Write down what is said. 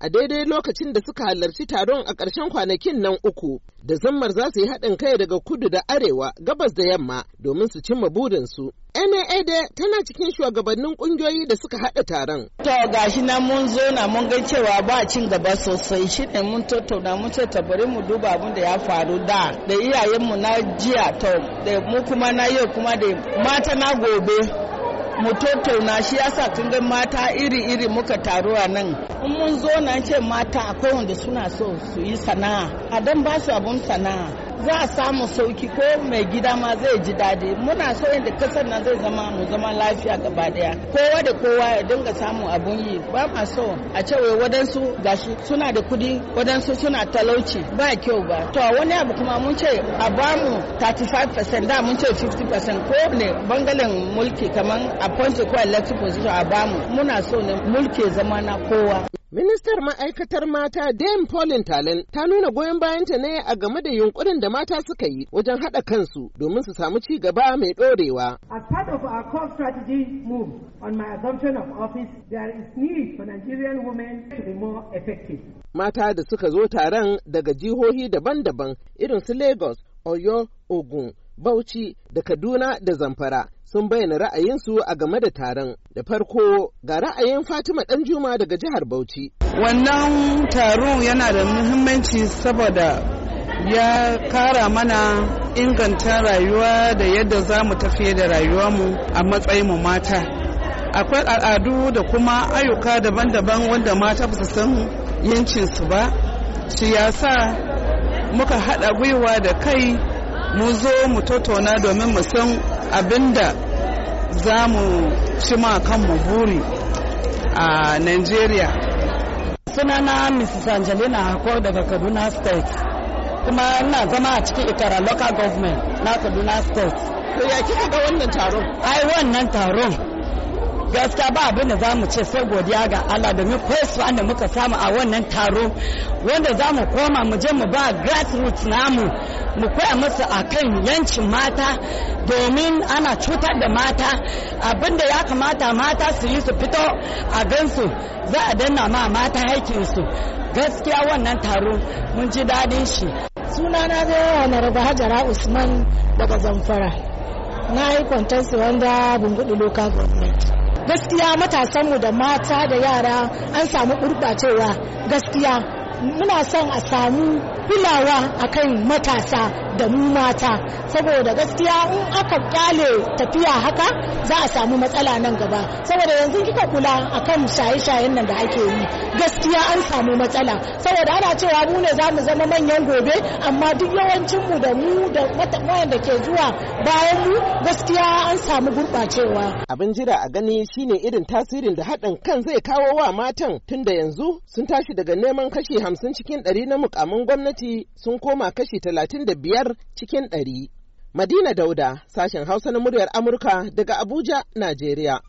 a daidai lokacin da suka halarci taron a ƙarshen kwanakin nan uku da zammar za su yi haɗin kai daga kudu da arewa gabas da yamma domin su cimma burinsu. NAA da tana cikin shugabannin kungiyoyi da suka haɗa taron. To gashi na mun zo na mun ga cewa ba cin gaba sosai shi ne mun tattauna mun ce ta bari mu duba abin da ya faru da da iyayenmu na jiya to da mu kuma na yau kuma da mata na gobe mu tattauna shi yasa tun ga mata iri-iri muka taru a nan in mun zo na ce mata akwai wanda suna so su yi sana'a a dan ba su abun sana'a za a samu sauki ko mai gida ma zai ji daɗi muna so yadda kasar nan zai zama mu zama lafiya gaba daya kowa da kowa ya dinga samu abun yi ba ma so a ce wai wadansu gashi suna da kudi wadansu suna talauci ba kyau ba to wani abu kuma mun ce a ba mu 35% da mun ce 50% ko ne bangalen mulki kamar point ko elected position a ba mu muna so ne mulki zama na kowa Ministar ma'aikatar mata Dame Pauline Talen ta nuna goyon bayanta ne a game da yunkurin da mata suka yi wajen haɗa kansu domin su samu ci gaba mai ɗorewa. As part of our core strategy move on my assumption of office, there is need for Nigerian women to be more effective. Mata da suka zo taron daga jihohi daban-daban irin su Lagos, Oyo, Ogun, Bauchi da Kaduna da Zamfara sun bayyana ra'ayinsu a game da taron. Da farko ga ra'ayin Fatima Ɗanjuma daga jihar Bauchi. Wannan taro yana da muhimmanci saboda ya kara mana inganta rayuwa da yadda za mu tafiye da mu a matsayin mu mata. Akwai al'adu da kuma ayyuka daban-daban wanda mata ba su san yancinsu ba. Shi muka haɗa gwiwa da kai mu zo mu tattauna domin mu san abin da za mu ci ma mu buri a Nigeria. Sunana Mrs. Angelina Hako daga Kaduna State, kuma ina zama a cikin Ikara Local Government na Kaduna State. ya kika ga wannan taron? Ai wannan taron. gaskiya ba abin da za mu ce sai godiya ga Allah domin koyarwa da muka samu a wannan taro wanda za mu koma mu je mu ba grassroots namu mu koya masa kan yancin mata domin ana cutar da mata abinda ya kamata mata su yi su fito a gansu za a danna ma mata haikinsu gaskiya wannan taro mun ji daɗin shi sunana da raba hajara usman daga zamfara na yi kwantarsu wanda bungudu local government gaskiya matasanmu da mata da yara an samu gurɓacewa gaskiya muna son a samu kulawa akan matasa da mu mata saboda gaskiya in aka kyale tafiya haka za a samu matsala nan gaba saboda yanzu kika kula akan shaye-shayen nan da ake yi gaskiya an samu matsala saboda ana cewa mu ne za mu zama manyan gobe amma duk yawancin mu da mu da ke zuwa bayan mu gaskiya an samu gurbacewa abin jira a gani shine irin tasirin da haɗin kan zai kawo wa matan tunda yanzu sun tashi daga neman kashi hamsin cikin ɗari na mukamin gwamnati gwamnati sun koma kashi talatin da biyar cikin ɗari. Madina Dauda, sashen Hausa na muryar Amurka daga Abuja, Najeriya.